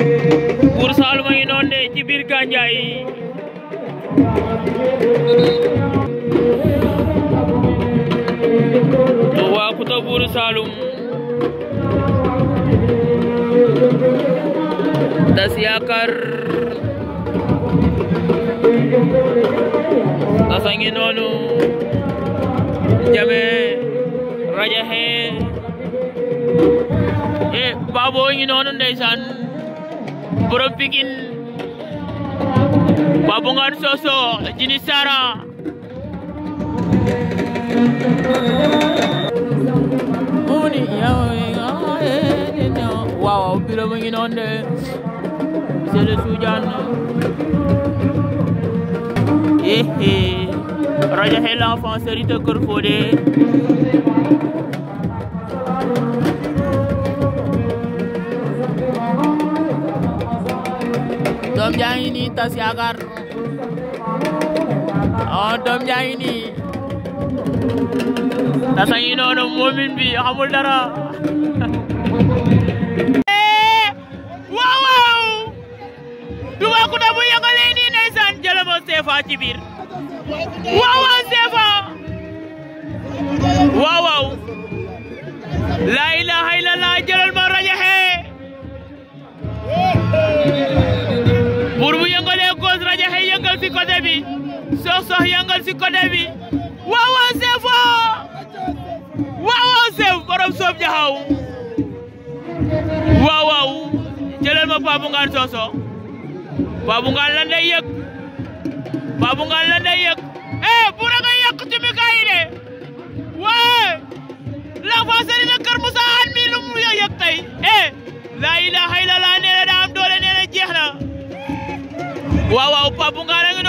Bursa Saalum a ngi jai de aku biir bursa lum Tas Yaakaar tas a ngi noonu Jame Rajaxe e Baaboo borom bikin babungan sosok jenis sara ya, ya, ya, wow bila mungkin ngi non sujan Hehe, eh. raja hela fa tak korfode jaa ngi nii tas yaakaar awa oh, doom jaa ngi nii tas a ngi noonu moomin bi xamul dara eh, waaw waaw Toubacouta bu yëngalee nii ndeysaan jëlëma CFA ci biir waaw waaw CFA waaw waaw laa ilaaha si côté bi sox-sox yëngal si côté bi waawaaw Sefo waawaaw Sef borom soof jaxaw waawaaw jëlal ma Pape Ngane sox-sox Pape Ngane lan day yëg Pape Ngane lan day yëg eh bu la ngay na Kër Moussa an mi lu mu tey eh laa laa nee na daa doole nee na jeex na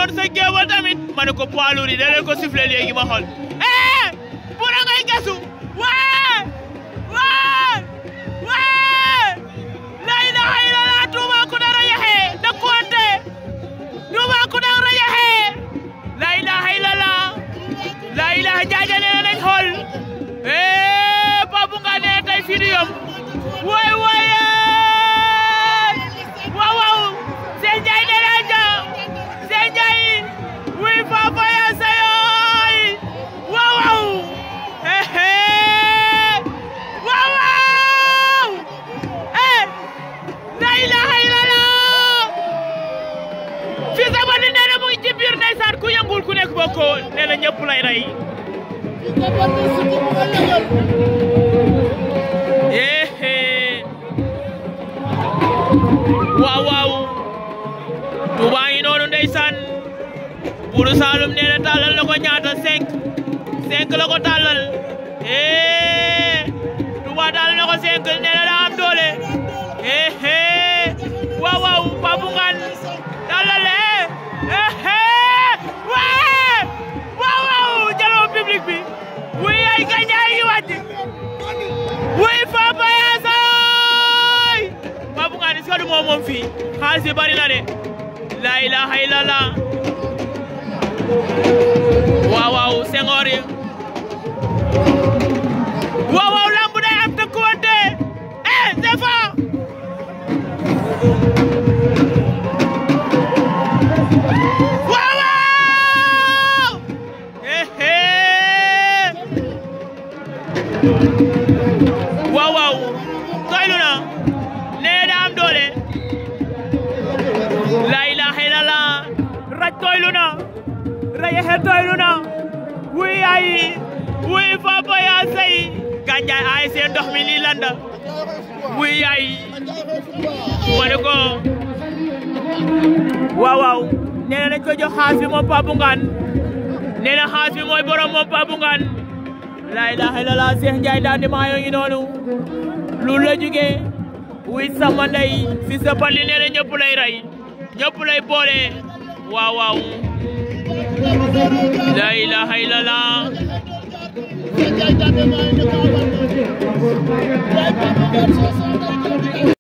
door sa géewal ma ne ko poids lourd yi da leen ko sifflé léegi ma xool eh Boura ngay gasu waay waay waay la ilaha illallah Toubacouta rajaxe da konte Toubacouta rajaxe la ilaha illallah la ilaha jaaja nee nañ xool eh Pape Ngane tey fii di yomb waay waay ko nee ñëpp lay rey. waaw waaw. Touba ngi noonu ndeysaan. Buuru Saalum nee na tàllal na ñaata cinq cinq la ko tàllal. wuy Papa Yassaye Babou Ngane est-ce que du moom moom fii xaalis bari na de la ilaha illallah waaw waaw doylu na nee daa am doole la ilaha illallah raj doylu na rayexe doylu na wuy ayi wuy papa yaa say Gandiaye ay seen ndox mi lii landa wuy ayi ma ne ko nee na nañ ko bi moom Pape Ngoune nee na xaas bi mooy borom moom Pape Ngoune laa ilaaha illallaah Cheikh Ndiaye Daande Maayo ngi noonu lu la jugee wuy sama ndey si sa pali nee na boole waaw laa ilaaha illallaah